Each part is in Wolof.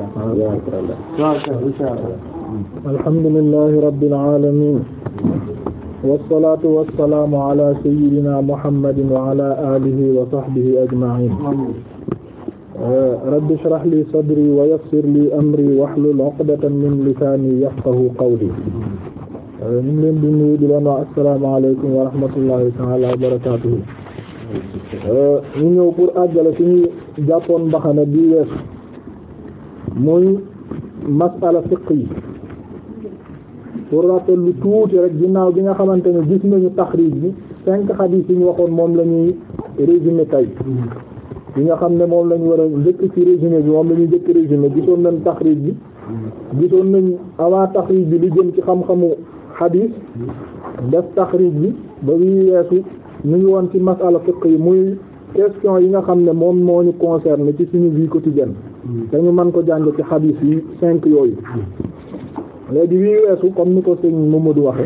alhamdulillahi rabbil alamin wassalatu wassalamu ala sayyidina muhammadin wa ala alihi wa sahbihi ajma'in rabbi shrah li sadri wa yassir li amri wahlul uqdatan min lisani yafqahu qawli ñu ngi leen di nuyu di leen wax asalaamaaleykum wa rahmatullahi taala wa barakatuhu ñu ñëw pour àggale suñu jàppoon mbaxana bi wees muy masala fiq yi pour rappel lu tuuti rek ginnaaw bi nga xamante ne gis nañu taxrij bi cinq xadiis yi ñu waxoon moom la ñuy résumé tey nga xam ne moom la ñu war a njëkk ci résumé bi moom la ñuy njëkk résumé gisoon nañ taxrij bi gisoon nañ avant taxrij bi lu jëm ci xam-xamu xadiis def taxrij bi ba wi weesu ñu ngi woon ci masala fiq yi muy question yi nga xam ne moom moo ñu concerné ci suñu vie quotidienne dañu mm. man ko jàng ci xadiis yi cinq yooyu léegi wii weesu comme ni ko sëñ du waxe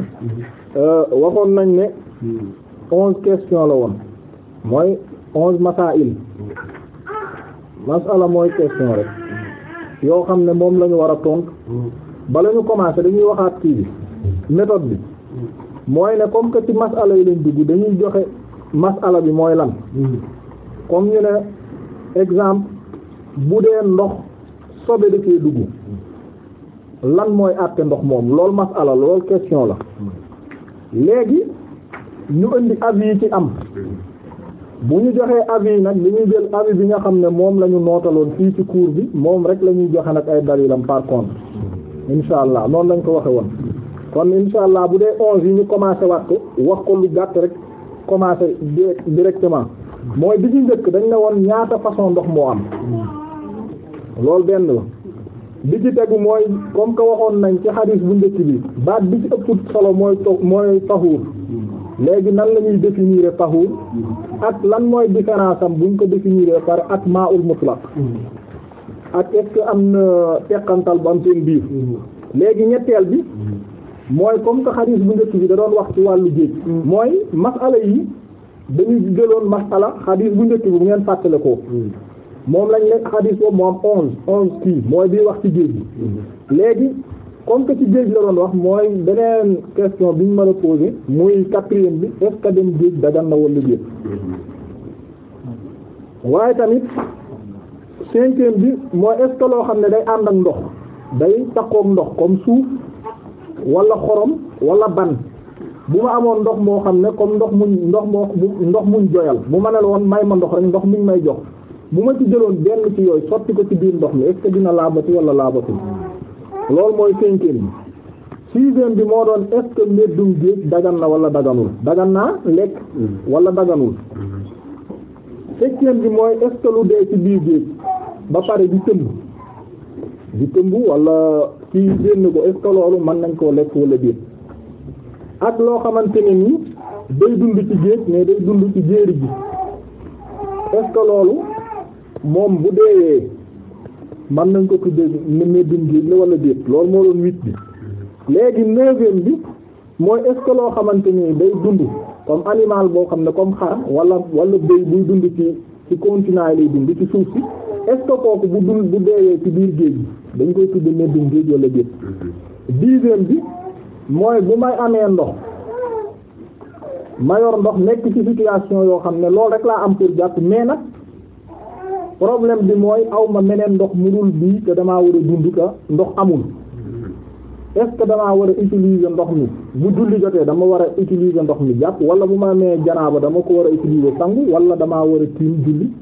euh, waxoon nañ ne onze questions la woon mooy onze masail masala mooy question rek yoo xam ne moom la ñu war a tontu bala ñu commencé dañuy waxaat kii bi métode bi mooy ne comme que ci masala yi lañ dugg dañuy joxe masala bi mooy lan mm. comme ñu ne exemple bu dee ndox sobe da cee lan mooy àtte ndox moom lool masala lool question la léegi ñu indi avis yi ci am bu ñu joxee avis yi nag dañuy jël avis bi nga xam ne moom la ñu nootaloon fii ci cours bi moom rek la ñuy joxe nag ay dalilam par contre insha allah noonu lañ ko waxe woon kon insha allah bu dee onze yi ñu commencé waat wax ko lu gàtt rek commencé directement mooy bi ñu njëkk dañ ne woon ñaata façon ndox moo am loolu benn la bi ci tegu mooy comme que waxoon nañ ci xadis bu njëkk bi baat bi ci ëpp solo mooy mooy taxuur léegi nan la ñuy définir taxuur ak lan mooy différence am buñ ko définir par at maa ul mutlaq ak est-ce am na teqantal bu am seen biir léegi ñetteel bi mooy comme que xadis bu njëkk bi da doon wax ci wàllu géej mooy masala yi dañuy jëloon masala xadis bu njëkk bi bu ngeen fàttale ko moom lañ nekk xadis boobu moo onze onze kii mooy bii wax ci géej gi mm-hmm. léegi comme que ci géej la doon wax mooy beneen question bi ñu mën a posé muy quatrième bi est que dem géej dagan na wala géej mm-hmm. waaye tamit cinquième bi mooy est-ce que loo xam ne day ànd ak ndox day takkook ndox comme suuf walla xorom wala ban bu ma amoon ndox moo xam ne comme ndox mu ndox mu ndox muñ joyal mu ma ne la woon may ma ndox rek ndox muñ may jox bu ma ci jëloon benn ci yooyu sotti ko ci biir ndox mi est-ce que dina laabati wala laabati loolu mooy cinquième bi sixième bi moo doon est-ce que mbeddum géej dagan na wala daganul dagan naa lekk wala daganul septième bi mooy est-ce que lu dee ci biir géej ba pare di tëmb di tëmb wala kii génn ko est-ce loolu mën nañ koo lekk walla déet ak loo xamante ne ni day dund ci géej mais day dund ci jéeri ji est loolu moom bu deewee mën nañ ko tudd ne méddum géej la wala déet loolu moo doon huit bi léegi neuvième bi mooy est-ce loo xamante ni day dund comme animal boo xam ne comme xar wala wala béy buy dund ci ci continent yi lay dund ci suuf si est-ce bu dund bu deewee ci biir géej bi dañ koy tuddee méddum géej wala déet dixième bi mooy bu may amee ndox mayor ndox nekk ci situation yoo xam ne loolu rek laa am pour jàpp mais nag problème bi mooy aw ma meneen ndox mu dul bii te damaa war a dund ka ndox amul est-ce que damaa war a ndox mi bu julli jotee dama war a utiliser ndox mi jàpp wala bu ma amee dama ko war a utiliser sangu wala damaa war a tiim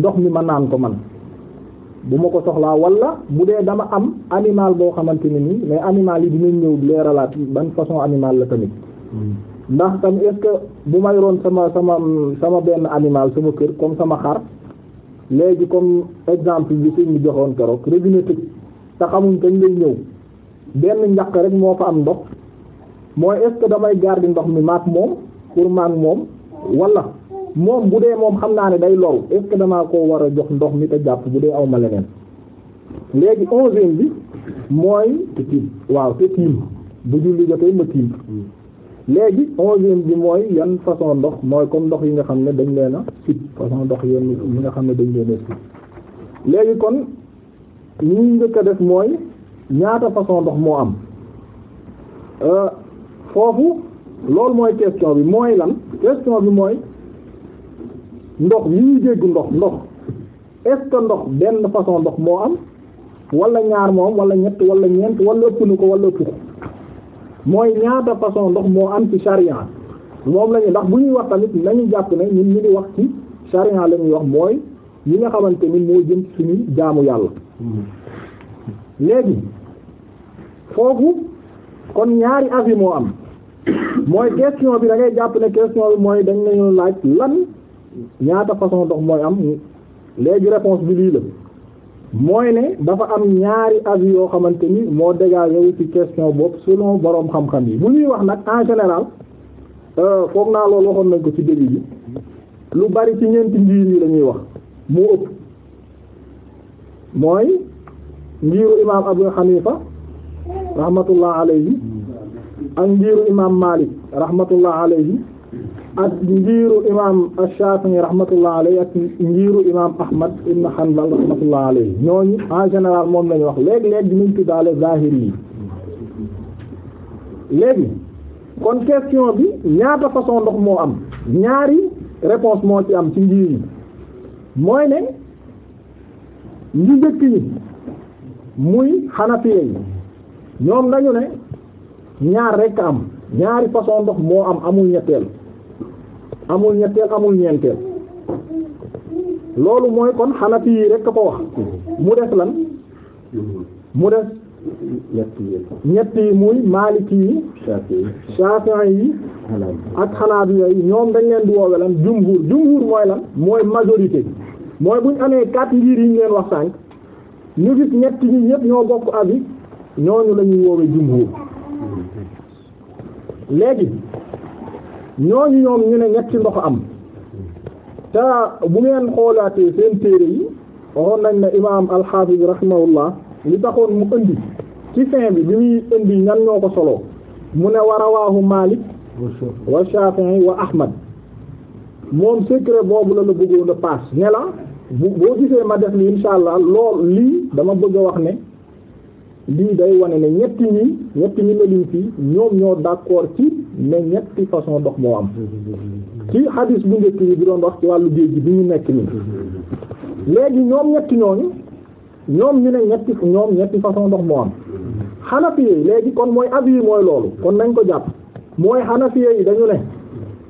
ndox mi ma naan ko man bu ma ko soxlaa walla bu dee dama am animal boo xamante ne nii mais animal yi dinañ ñëw leeralaat ban façon animal la tamit ndax tam est bu may roon sama sama sama benn animal sama kër comme sama xar léegi comme exemple bi suñu joxoon keroog robinet tëj te xamuñ kañ lay ñëw benn njaq rek moo fa am ndox mooy est ce que damay garder ndox mi maak moom pour maak moom wala moom bu dee moom xam naa ne day loru est damaa ko war a jox ndox mi te jàpp bu dee awma leneen léegi onzième bi mooy te tiim waaw te tiim bu julli jotee ma tiim léegi onzième bi mooy yan façon ndox mooy comme ndox yi nga xam ne dañ leen a sib façon ndox yenn yi nga xam ne dañ leen a léegi kon ñu njëkk a def mooy ñaata façon ndox moo am euh, foofu loolu mooy question bi mooy lan question bi mooy ndox yi ñuy dégg ndox ndox est ndox benn façon ndox moo am wala ñaar moom wala ñett wala ñeent wala ëpp na ko wala ëpp mooy ñaata façon ndox moo am ci charia moom lañu ndax bu ñuy wax tamit nañu jàpp ne ñun ñu ngi wax ci charia la ñuy wax mooy yi nga xamante ni moo jëm ci suñu jaamu yàlla léegi foofu kon ñaari avis moo am mooy question bi da ngay jàpp ne question bi mooy dañ nañu laaj lan ñaata façon ndox mooy am léegi réponse bi lii la mooy ne dafa am ñaari avis yoo xamante ni moo dégagé wu ci question bopp selon boroom xam-xam yi bu ñuy wax nag en général euh, foog naa loolu waxoon nañ ko ci début yi lu bari ci ñeenti njiir yi lañuy wax moo ëpp mooy njiiru imaam Abu Hanifa rahmatullah alayhi ak njiiru imaam Malik rahmatullah alayhi ak njiiru imaam Shaafi'i rahmatullah alayhi ak njiiru imaam Ahmad ibn Hanbal rahmatullah alayhi ñooñu en général moom lañu wax léeg-léeg dinañ tuddaale zahiri yi léegi kon question bi ñaata façon ndox moo am ñaari réponse moo ci am ci njiir yi mooy ne ñu njëkk ñi muy Hanafiya yi ñoom dañu ne ñaar rekk am ñaari façon ndox moo am amul ñetteel amul ñetteel amul ñeenteel loolu mooy kon xanafi yi rek ko wax mu des lan mu des ñett yi muy maaliki yi shafi'i yi ak xalaat yi ñoom dañ leen di woowe lan jumhur jumhur mooy lan mooy majorité mooy buñ amee quatre ngir yi ngeen leen wax sànq ñu gis ñett ñi ñëpp ñoo bokk abi ñooñu la woowe jumhur mm-hmm. léegi ñooñu ñoom ñu ne ñetti ndox am te bu ngeen xoolaatee seen téere yi waxoon nañ ne imaam alxaafis rahimahullah li taxoon mu indi ci fin bi bi muy indi ñan ñoo ko solo mu ne war a rawaahu Maalik wa Shaafi'i wa Ahmad moom secret boobu la la bëggoon a paas ne la boo gisee ma def li insha allah lool lii dama bëgg a wax ne lii day wane ne ñetti ñi ñetti ñi meliñ fii ñoom ñoo d'accord ci ne ñetti façon ndox moo am ci hadis bu njëkk yi bi doon wax ci wàllu géej gi bi ñu nekk nii léegi ñoom ñetti ñooñu ñoom ñu ne ñetti ñoom façon ndox moo am xanafi yi léegi kon mooy avis mooy loolu kon nañ ko jàpp mooy xanafi yi dañu ne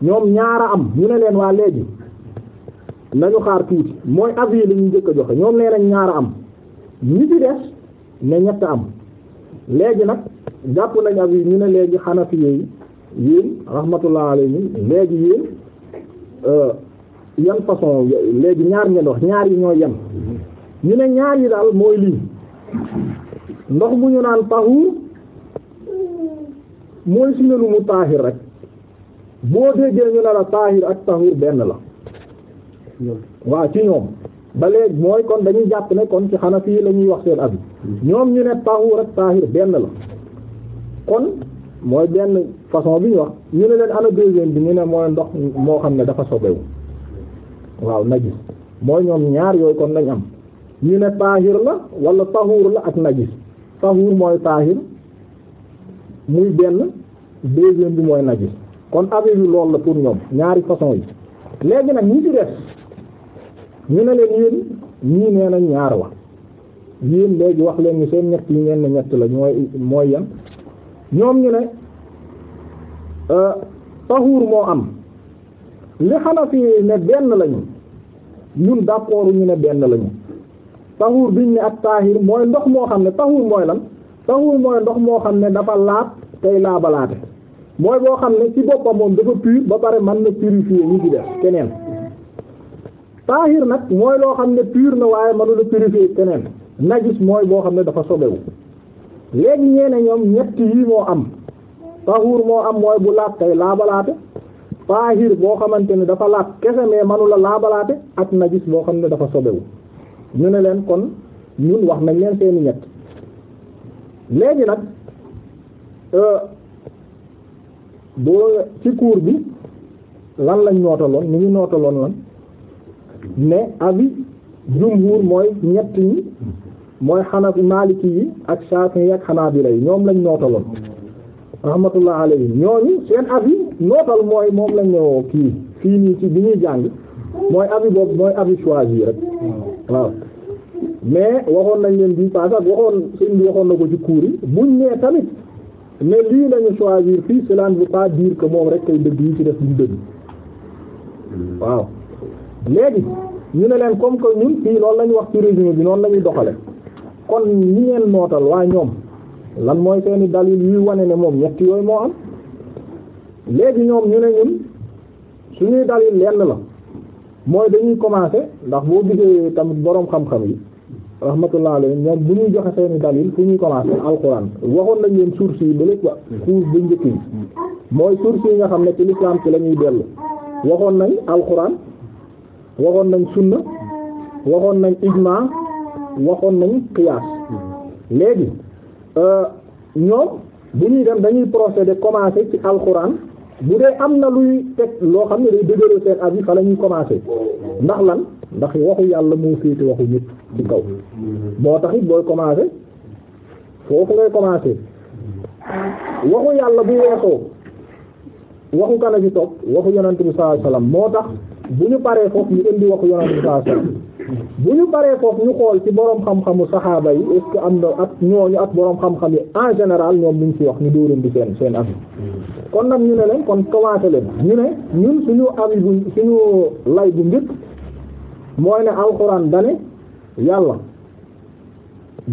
ñoom ñaara am ñu ne leen waa léegi nañu xaar tuuti mooy avis yi la njëkk a joxe ñoom nee nañ ñaara am ñi ci des ne ñett am léegi nag jàpp nañ ab yi ñu ne léegi xanafi yi yéen léegi yéen euh, yan façon léegi ñaar ngeen wax ñaar yi ñoo yan ñu ne ñaar yi daal mooy lii ndox mu ñu naan tahuur mooy suñu lu mu taahir rek boo déggee ñu ne la taahir ak tahuur benn la waaw ci ñoom ba léegi mooy kon dañuy jàpp ne kon ci xanafi yi la ñuy wax seen abi ñoom ñu ne taxuur ak taahir benn la kon mooy benn façon bi ñu wax ñu ne leen ana deuxième bi ñu ne mooy ndox moo xam ne dafa sobewu waaw najis mooy ñoom ñaar yooyu kon lañ am ñu ne taahir la walla taxuur la ak najis taxuur mooy taahir muy benn deuxième bi mooy najis kon avis bi loolu la pour ñoom ñaari façon yi léegi nag ñi ñu ne leen yéen ñii nee nañ ñaar wax yéen léegi wax leen ni seen ñett yi ngeen ne ñett la ñooy mooy yam ñoom ñu ne euh, tahuur moo am li Hanafi ne benn lañu ñun d'accord ñu ne benn lañu bi biñ ne ak taahir mooy ndox moo xam ne tahuur mooy lan tahuur mooy ndox moo xam ne dafa laab tey laabalaate mooy boo xam ne ci boppam moom dafa pur ba pare man na purifier ñu ci def keneen taahir nag mooy loo xam ne pur na waaye mënula purifier keneen najis mooy boo xam ne dafa sobewu léegi ñeene ñoom ñett yi moo am tahuur moo am mooy bu laat tay laabalaate taahir boo xamante ne dafa laat kese mais manula laabalaate ak najis boo xam ne dafa sobewu ñu ne leen kon ñun wax nañ leen seeni ñett léegi nag euh, boo ci kuur bi lan lañ nootaloon ni ñu nootaloon lan ne avis jumhur mooy ñett ñi mooy xanaf maliki yi ak shafi yi ak xanaabila yi ñoom lañ nootaloon rahmatullah alayhim ñooñu seen yi nootal mooy moom lañ ñoo kii fii nii ci bi ñuy jàng mooy avis boobu mooy avis choisi rek waaw mais waxoon nañ leen bii parce que waxoon sëñ bi waxoon na ko ci cours yi buñ nee tamit ne lii lañu choisir fii cela ne veut pas dire moom rek kay dëgg yi ci def duñ dëgg waaw léegi ñu ne leen comme que ñun fii loolu lañu wax ci résumé bi lañuy doxale kon ñi ngeen nootal waa ñoom lan mooy seeni dalil yuy wane ne moom ñett yooyu moo am léegi ñoom ñu ne ñun suñuy dalil lenn la mooy dañuy commencer ndax boo gisee tamit boroom xam-xam yi rahmatullah alayhi ñoom bu ñuy joxe seeni dalil fu ñuy commencer alxuraan waxoon nañ leen source yi ba lépp ba couche bu njëkk yi mooy source yi nga xam ne ci l'islam ci lañuy ñuy dellu waxoon nañ alxuraan waxoon nañ sunna waxoon nañ ijma waxoon nañu qiyaas léegi euh, ñoom bu ñuy dem dañuy procéder commencer ci alxuraan bu dee am na luy teg loo xam ne day dëgëral seen avis fa la ñuy commencer ndax lan ndax waxu yàlla moo féete waxu ñépp ci kaw boo taxit booy commencer foofu ngay commencer waxu yàlla bu weesoo waxu kan a ci toog waxu yonent bi sallallahu alayhi moo tax bu ñu paree foofu ñu indi waxu yonent bi sallallahu alayhi bu ñu paree foofu ñu xool ci boroom xam-xamu saxaaba yi est am na ak ñooñu ak boroom xam-xam yi en général ñoom luñ ci wax ñu dóoran di seen seen avis kon nag ñu ne leen kon commencé leen ñu ne ñun suñu avis bu suñu lay bu njëkk mooy ne alxuraan dane yàlla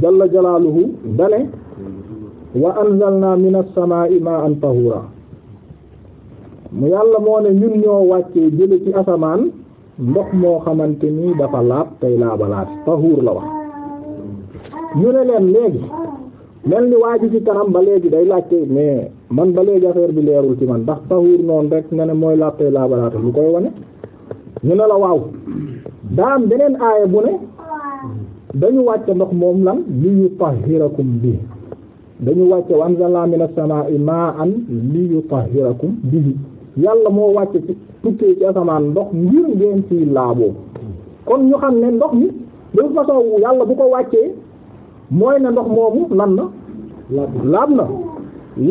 jalla jalaaluhu dane wa anzalna minas samaa'i ma'an tahura mu yàlla moo ne ñun ñoo wàccee jële ci asamaan ndox moo xamante ni dafa laab tey laabalaat tahuur la wax ñu ne leen léegi mel ni waa ji ci kanam ba léegi day laajte mais man ba léegi affaire bi leerul ci man ndax tahuur noonu rek nga ne mooy laab tey laabalaat lu koy wane ñu ne la waaw daa am beneen aaya bu ne dañu wàcce ndox moom lan li yutahhirakum bi dañu wàcce wa anzalna minas samaa'i ma'an li yutahhirakum bihi yàlla moo wàcce ci tukkee ci asamaan ndox ngir ngeen ci laaboo kon ñu xam ne ndox mi de toute façon yàlla bu ko wàccee mooy ne ndox moomu lan na laab na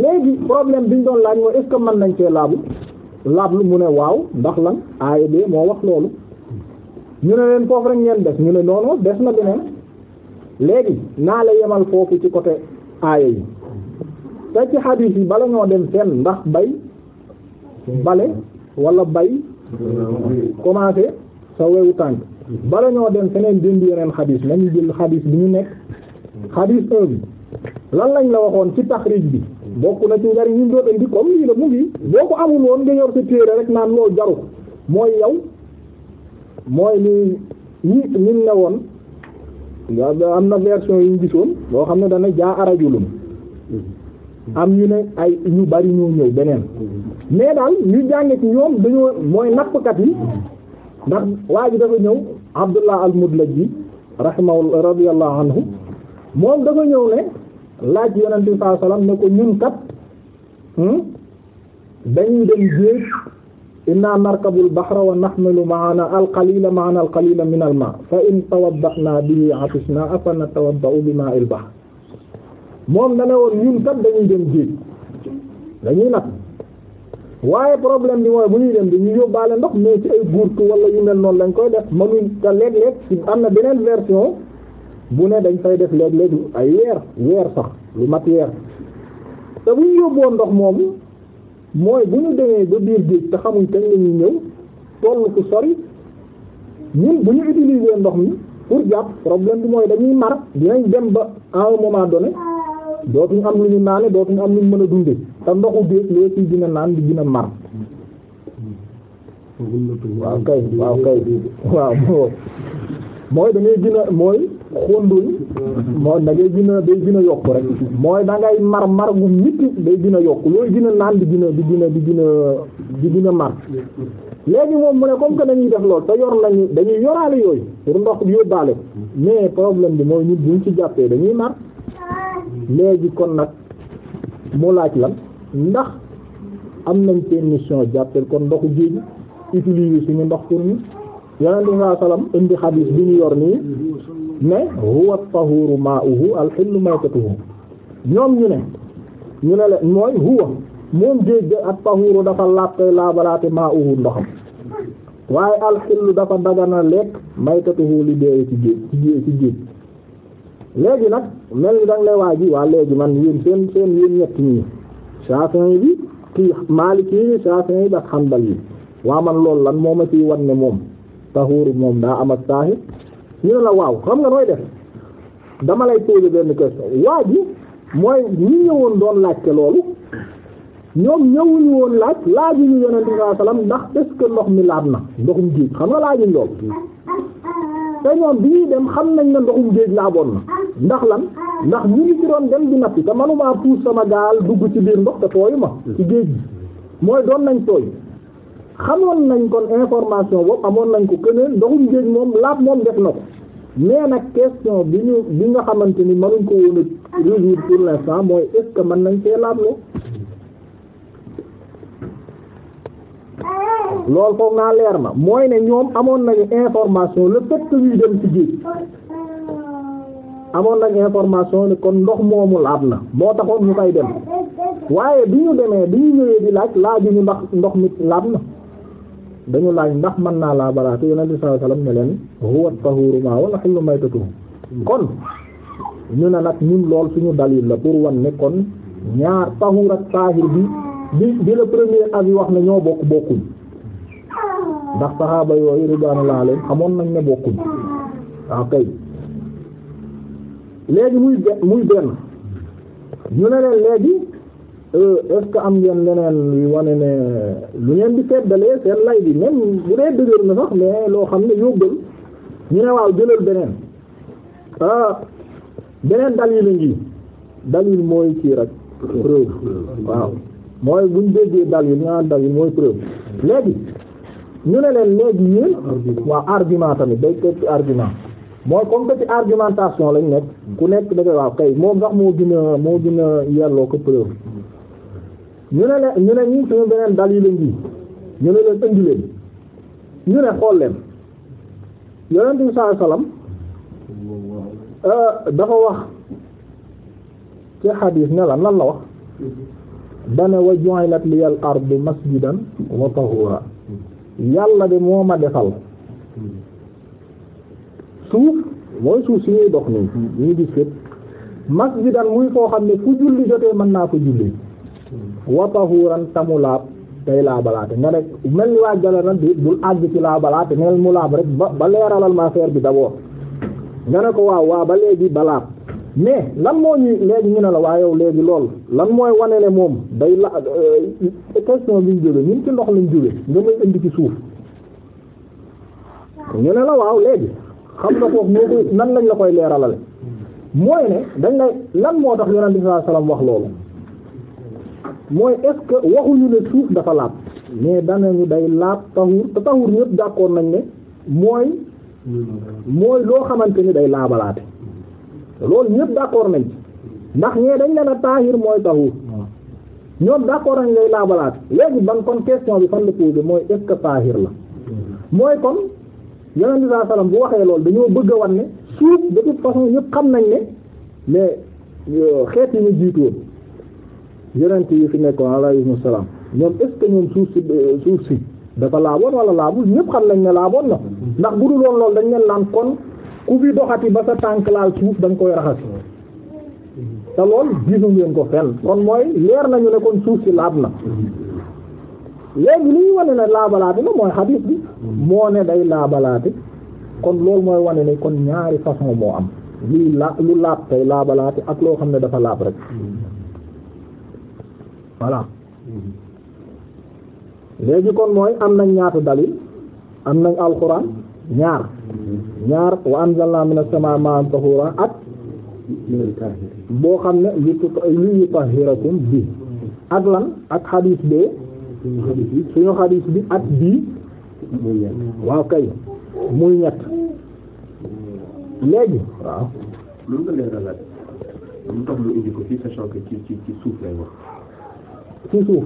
léegi problème bi ñu doon laaj mooy est man nañ cee laabu laablu mu ne waaw ndax lan aaya bee moo wax loolu ñu ne leen foofu rek ngeen des ñu ne noonu des na beneen léegi naa la yemal foofu ci côté aaya e yi te ci xadiis yi bala ñoo dem fenn ndax bay bale walla bay commencé sa wewu tànk bale ñoo dem feneen jënd yeneen xadis nañu jël xadis bi ñu nekk xadis 1 bi lan lañ la waxoon ci tax taxrij bi bokk na ci njariñ ñu doon indi amul woon nga yor sa naan loolu jaru mooy yow mooy ni ñi woon am na version yu ñu gisoon boo xam ne dana jaa arajulun am ñu ne ay ñu bari ñoo ñëw beneen mais daal ñu jànge ci ñoom dañoo mooy nappkat yi ndax waa ji dafa ñëw Abdullah al-Mudlaji rahimahu radiyallahu anhu moom dafa ñëw ne laaj yonent bi sallallahu alayhi wasallam ne ko ñun kat hmm, dañuy dem géej inna narkabul bahra wa nahmilu ma'ana al-qalila ma'ana al-qalila min al-ma fa in tawadda'na bihi 'atishna afa natawadda'u bi ma'il bahr moom na ne woon ñun kat dañuy dem géej dañuy nat waaye problème bi mooy bu ñuy dem dañuy yóbbaale ndox mais ci ay gurtu wala yu mel noonu lañ koy def mënuñ te léeg-léeg am na beneen version bu ne dañ koy def léeg-léeg ay weer weer sax lu mat weer te bu ñu yóbboon ndox moomu mooy bu ñu demee ba biir géej te xamuñ kañ la ñuy ñëw toll fu sori ñun bu ñu utiliser ndox mi pour jàpp problème bi mooy dañuy mar dinañ dem ba à un moment donné dootuñ am lu ñu naane dootuñ am lu ñu mën a dundee. te ndoxu déeg loo ci gën naan di gën a mar waaw kay waaw kay waaw mooy da ngay gën a mooy xóndul mooy da ngay a day gën yokk rek mooy da ngay mar mar gu mitti day gën yokk looy gën a naan di gën a di gën a di gën di gën mar léegi moom mu ne comme que dañuy def lool te yor nañu dañuy yoraale yooyu pour ndox yóbbaale mais problème bi mooy ñun buñ ci jàppee dañuy mar léegi kon nag mu laaj lan ndax am nañ permission jàppel kon ndoxu géej utiliser suñu ndox pour ñu yonente bi saa sallam indi xadiis bi ñu yor nii ne huwa tahuru ma'uhu al-hillu maytatuhu ñoom ñu ne ñu ne leen mooy huwa moom géej ak tahuru dafa laajte laabalaate ma'uhu ndoxam waaye al dafa dagana lekk maytatuhu li dee ci géej ci géej ci géej léegi nag mel ni danga lay waa ji waa léegi man yéen seen seen yéen ñett ñi Shafi'i bi kii Maliki yi Shafi'i bi ak Hanbali yi waa man lool lan moo ma ciy wan ne moom taxuuru moom daa am ak saahir ñu ne la waaw xam nga nooy def dama lay poser benn question waa ji mooy ñi ñëwoon doon laajte loolu ñoom ñëwuñu woon laaj laajuñu yonent bi sallam ndax est-ce que ndox mi laab na ndoxum géej xam nga laajuñ loolu te ñoom bi ñuy dem xam nañ ne ndoxum géej laa bon na ndax lan ndax ñu ngi ci doon dem di nappi te manuma puus sama daal dugg ci biir ndox te tooyu ma ci géej gi mooy doon nañ tooy xamoon nañ kon information boobu amoon nañ ko keneen ndoxum géej moom laab moom def na ko mais nag question bi ñu bi nga xamante ni mënuñ ko woon a résoudre pour l'instant mooy est-ce que mën nañ see laabloo lool foog naa leer ma mooy ne ñoom amoon nañu information la fait que ñuy dem ci géej amoon nañu information ne kon ndox moomu laab na moo taxoon ñu koy dem waaye bi ñu demee bi ñu ñëwee di laaj laajuñu ndax ndox mi laab na dañu laaj ndax mën naa laa baraatu yonent bi sallallahu ne leen huwa tahuru ma wala xillu maytatu kon ñu ne nag ñun lool suñu dalil la pour wan ne ñaar tahur ak taahir bi bi bi le premier avis wax ne ñoo bokk bokkuñ ndax saxaaba yooyu ridwaanullah alayhim xamoon nañ ne bokkuñ waaw ah, kay léegi muy benn muy ñu ne leen léegi euh, est-ce am ngeen leneen wane ne lu ngeen bi seddalee seen lay bi même bu dee dëgër na sax mais loo xam ne yóbbal ñu ne waaw jëlal beneen ah beneen dalil ngi dalil mooy ci rek preuve waaw mooy buñ déggee dalil ñu naan mooy preuve léegi ñu ne leen léegi yéen waaw argument tamit day teg argument mooy comme que argumentation lañ nekk ku nekk da koy waaw kay moom sax moo gën moo gën a ko preuve ñu ne leen ñu ne ñii suñu beneen dal yi lañ ji ñu ne leen indi leen ñu ne xool leen yonent bi sallallahu euh, dafa wax ci xadiis ne la lan la wax dana wa ju'ilat liyal ardu masjidan wa tahura yàlla de moo ma defal suuf mooy suuf si ñuy dox nii ñuy gis fépp masjidan muy foo xam ne fu julli jotee mën naa ko julli wa tahuran tamu laab tey laabalaate nga rek mel ni waa jala na di bul àgg ci laabalaate neel mu laab rek ba ba leeralal ma affaire bi d'abord nga ne ko waaw waaw ba léegi ba laab lan moo ñuy léegi ñu ne la waa yow léegi lool lan mooy wane ne moom day la euh, question bi ñu jóge ñun ci ndox lañ jóge nga may indi ci suuf ñu ne la waaw léegi xam nga ko moo koy nan lañ la koy leeralale mooy ne dañ lan moo tax yonent bi sallallahu wax loolu mooy est-ce que waxuñu ne suuf dafa laab mais danañu day laab tahur te tahur ñëpp d'accord nañ ne mooy mooy loo xamante ni day laabalaate loolu ñëpp d'accord nañ ndax ñee dañ ne na taahir mooy tahur ñoom d'accord nañ ngay laabalaat léegi ban kon question bi fan la posé mooy est-ce la mooy kon yonent bi saa salaam bu waxee loolu dañoo bëgg a ne suuf de toute façon ñëpp xam nañ ne mais euh, xeet yi ñu jiitu woon yonent yi fi nekkoon alayhimu salaam ñoom est-ce que ñoom suuf si euh, suuf si dafa laaboon wala laabul ñëpp xam nañ ne laaboon na ndax bu dul woon loolu dañ leen naan kon ku fi doxati ba sa tànk laal suuf da nga koy raxas. te lool gisu ngeen ko fenn kon mooy leer nañu ne kon suuf si laab na léegi li ñu wane ne laabalaate la mooy xadiis bi moo ne day laabalaate kon loolu mooy wane ne kon ñaari façon moo am lii la lu laab tay laabalaate ak loo xam ne dafa laab rek voilà léegi kon mooy am nañ ñaata dalil am nañ alxuraan ñaar ñaar wa anzalna minas samaa'i ma'an tahura ak boo xam ne li li yutahhirakum bi ak lan ak xadiis bee suñu xadiis bi ak bii waaw kay muy ñett léegi waaw ci suuf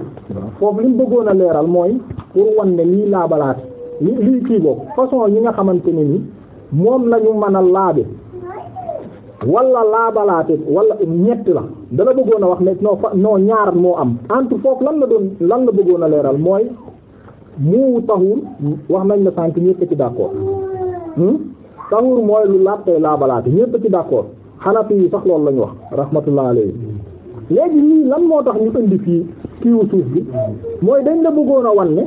foofu li mu bëggoon a leeral mooy pour wan ne lii laabalaat li lii kii boobu façon yi nga xamante ne ni moom lañu mën a laabe wala laabalaate wala ñett la dana bëggoon a wax ne noo fa noo ñaar moo am entre foofu lan la doon lan la bëggoon a leeral mooy mu taxuur wax nañ la sànk ñëpp ci d'accord hmm? taxuur mooy lu laab tey laabalaate ñëpp ci d'accord xanafi yi sax loolu la ñu wax rahmatullah alayhi léegi lii lan moo tax ñu indi fii kiiwu suuf bi mooy dañ la bëggoon a wan ne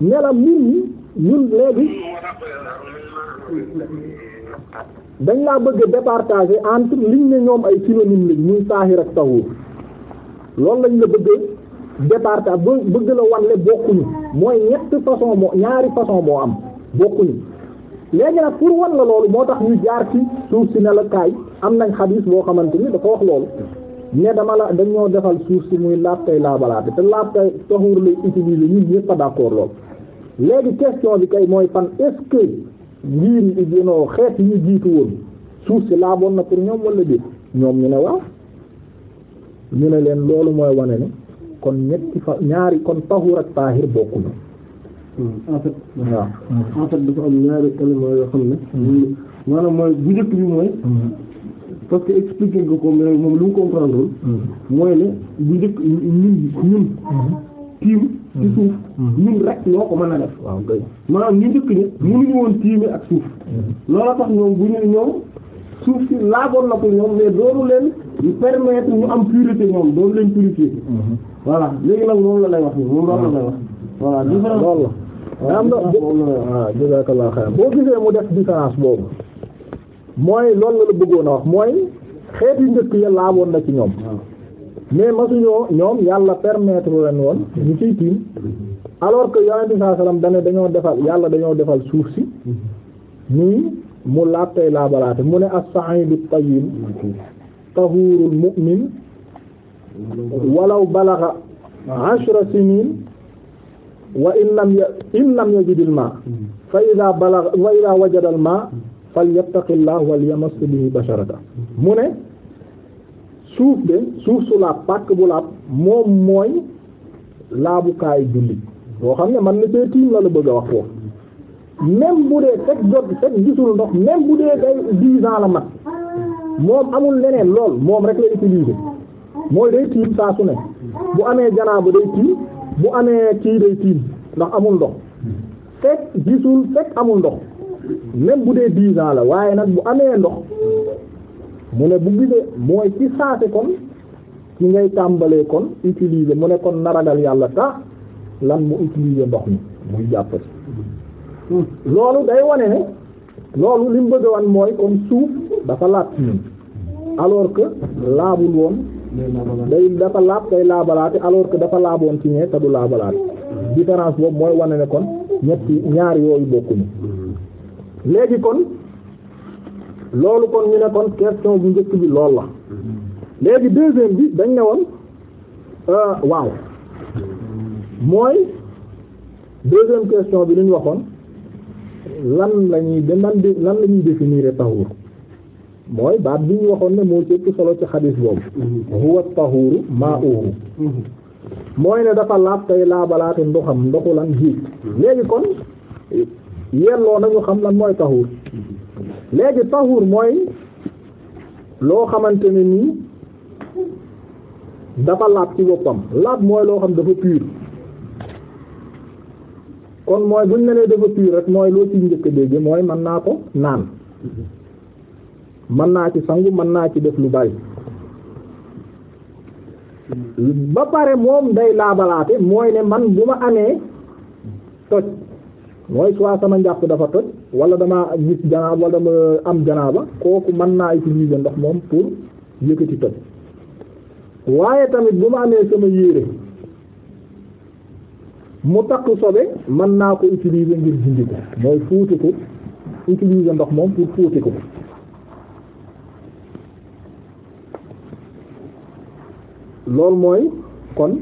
ne la mbir ñun léegi dañ laa bëgg a départager entre liñ ne ñoom ay synonyme lañ muy saahir ak tahur loolu lañ la bëgg a départage bëgg la wanle bokkuñu mooy ñett façon moo ñaari façon boo am bokkuñu léegi nag pour wan la loolu moo tax ñu jaar ci suuf si ne la kaay am nañ xadiis boo xamante ni dafa wax loolu ne dama la dañoo defal suuf si muy laab tey laabalaate te laab tey tahur lay utiliser ñun ñëpp a d'accord loolu léegi question bi kay mooy fan est ngir gënoo xeet yi ñu jiitu woon suuf si laaboon na pour ñoom wala déet ñoom ñu ne waaw ñu ne leen loolu mooy wane ne kon ñetti fa ñaari kon tahur ak taahir bokkuñu hmm, en fait waaw en fait dafa am yoo xam ne hmm. maanaam mooy bu njëkk bi mooy hmm. parce que expliquer nga ko mais moom lu mu comprendre mooy ne bu njëkk ñun ñun tiim ci mhm. suuf mhm. ñun rek ñoo ko man a def maanaam ñu njëkk ñi mënuñu woon tiime ak suuf mhm. loola tax ñoom bu ñu ñoom suuf si laagoon na ko ñoom mais doonu leen permettre ñu am purité ñoom doonu leen purifier voilà léegi nag moom la lay wax ni moom loolu la lay wax voilà différence loolu la am na waaw différence boobu mooy loolu la la bëggoon a wax mooy xeet yu njëkk ya laaboon na ci ñoom mais masuñoo ñoom yàlla permettre leen woon ñu ciy tiim alors que yonent bi saa salaam dane dañoo defal yàlla dañoo defal suuf si ñuy mu laab tey laabalaate mu ne as-sa'idu tayyib tahurul mu'min walaw balagha ashra sinin wa in lam in lam ma fa idha balagha wa idha wajada al-ma falyattaqi Allah wal yamassu bihi basharata mu ne suuf de suuf su laab pàkk bu laab moom mooy laabukaay jullit boo xam ne man na see tiim la la bëgg a wax foofu même bu dee fekk jot fekk gisul ndox même bu dee day la mat moom amul leneen lool moom rek la utiliser mooy day tiim saa su ne bu amee janaaba day tiim bu amee kii day tiim ndax amul ndox fekk gisul fekk amul ndox même bu dee dix la waaye nag bu amee ndox mu ne bu gisee mooy ci saase kon ci ngay tàmbalee kon utiliser mu ne kon naragal yàlla tax lan mu utiliser ndox mi muy jàpp loolu day wane ne loolu li mu wan mooy kon suuf dafa laat ci ñun alors que laabul woon day dafa laab day laabalaate alors que dafa laaboon ci ñee te du laabalaate différence boobu mooy wane ne kon ñetti ñaar yooyu bokkuñu léegi kon loolu kon ñu ne kon question bu njëkk bi lool la léegi deuxième bi dañ ne woon euh, waaw mooy deuxième question bi li waxoon lan la ñuy lan la ñuy définir tahur mooy baat bi ñu waxoon ne moo ci ëpp solo ci xadis boobu huwa tahuru maa uhu mooy ne dafa laab tey laabalaate ndoxam ndoxu lan jiit léegi kon yelloo nañu xam lan mooy tahur léegi tahur mooy loo xamante ne nii dafa laab ci boppam laab mooy loo xam dafa pur kon mooy buñ ne lee dafa pur rek mooy loo ci njëkk dégg mooy mën naa ko naan mën naa ci sangu mën naa ci def lu bari ba pare moom day laabalaate mooy ne man bu ma amee toj mooy soit sama njàpp dafa toj wala damaa gis janaaba wala dama am janaaba kooku man naa utiliser ndox moom pour yëkkati toj waaye tamit bu ma amee sama yére mu takk sobe man naa ko utiliser ngir dindi ko mooy fuuti ko utiliser ndox moom pour fuuti ko loolu mooy kon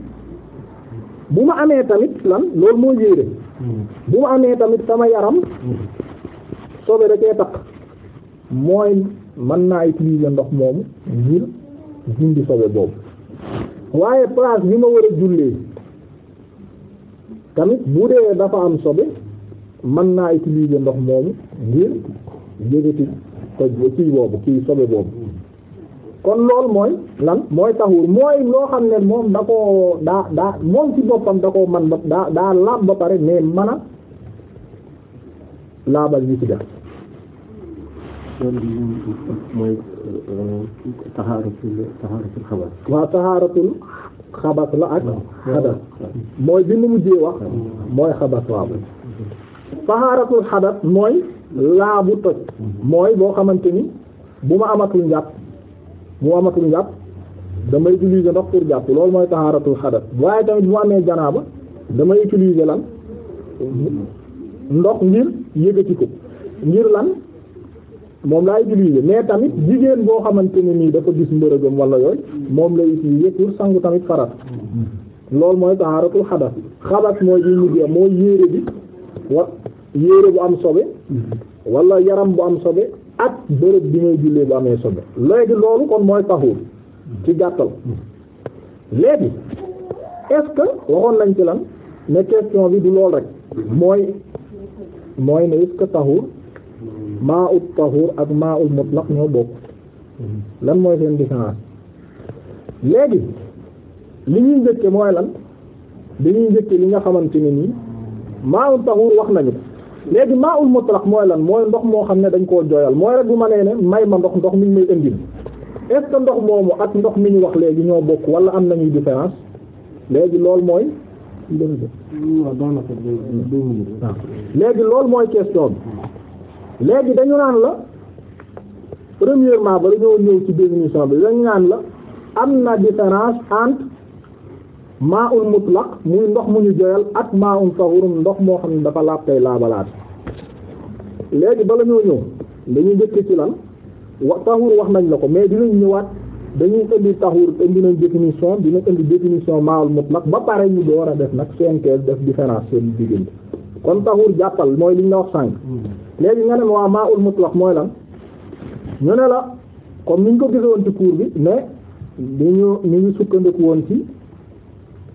bu ma amee tamit lan loolu mooy yére hmm. bu ma amee tamit sama yaram hmm. sobe da cee takk mooy man naa utiliser ndox moomu ngir dindi sobe boobu waaye place bi ma war a jullee tamit bu dee dafa am sobe mën naa utiliser ndox moomu ngir yëgati ko kii boobu kii sobe boobu kon loolu mooy lan mooy taxuur mooy loo xam ne moom da koo moom ci boppam da man ba daa daa laab ba pare mais mën a laabal ñu ci benn bi taxaaratul taxaaratul la ak. xadas mooy bi mu mujjee wax. mooy xabaas waaw. taxaaratul xadas mooy laabu toj. mooy boo xamante ni bu ma amatul njàpp bu ma amatul njàpp damay utiliser ndox pour jàpp loolu mooy taxaaratul xadas waaye tamit bu amee janaaba damay utiliser lan ndox ngir yëgati ko ngir lan. moom laay utiliser ne tamit jigéen boo xamante ne nii dafa gis mbërëgam wala yooyu moom lay utiliser pour sangu tamit farat loolu mooy taharatul xadas xadas mooy bi mujjee mooy yéere bi yéere bu am sobe wala yaram bu am sobe ak bërëb bi ngay jullee bu amee sobe léegi loolu kon mooy taxul ci gàttal léegi est-ce waxoon nañ ci lan ne question bi du lool rek mooy mooy ne est taxul maa ut tahur ak maa ut mutlaq ñoo bokk lan mooy seen différence léegi li ñuy njëkke mooy lan dañuy njëkke li nga xamante ne nii maa ut tahur wax nañu léegi maa ul mutlaq mooy lan mooy ndox moo xam ne dañ koo jooyal mooy rek bu ma nee ne may ma ndox ndox mi ñu may indil est ce ndox moomu ak ndox mi ñu wax léegi ñoo bokk wala am na nañuy différence léegi loolu mooy. léegi loolu mooy question bi. léegi dañu naan la premièrement ba dañoo ñëw ci définition bi dañu naan la am na différence entre maa'ul mutlaq muy ndox mu ñu joyal ak maa'un tahurum ndox moo xam ne dafa laab tey laabalaat léegi ba ñoo ñëw dañuy njëkk ci lan wa tahur wax nañ la ko mais dinañ ñëwaat dañuy indi tahur indi nañ définition dina indi définition maa'ul mutlaq ba pare ñu war a def nag synthèse def différence seen diggante kon tahur jàppal mooy li ñu la wax sànq. léegi nga ne waa maa ul mutlaq mooy lan ñu ne la comme niñ ñu ko gisoon ci cours bi mais li ñu ni ñu sukkandiku woon ci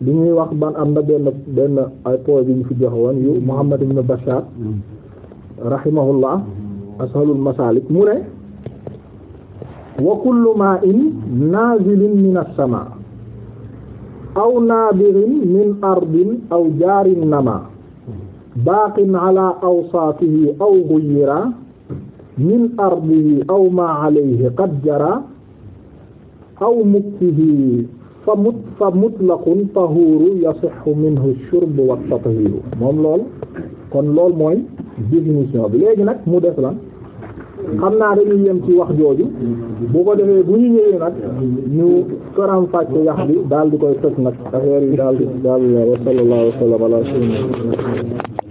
li ñuy wax ban am na benn benn ay points bi ñu fi joxe woon yu Muhammad ibn Bashar rahimahullah ashalul masalik mu ne wa kullu ma'in nazilin min as-sama aw nabirin min ardin aw jaarin nama baqin ala awsaatihi aw ghuyira min ardihi aw ma alayhi qad jara aw mukkihi fa mut fa mutlaqun tahuuru yasihhu minhu shurb wa tathiru moom lool kon lool mooy définition bi léegi nag mu def lan xam naa dañuy yem ci wax jooju bu ko defee bu ñu ñëwee nag ñu karam yax bi daal di koy toj nag affaire yi daal di daal di wa sallallahu wa sallam ala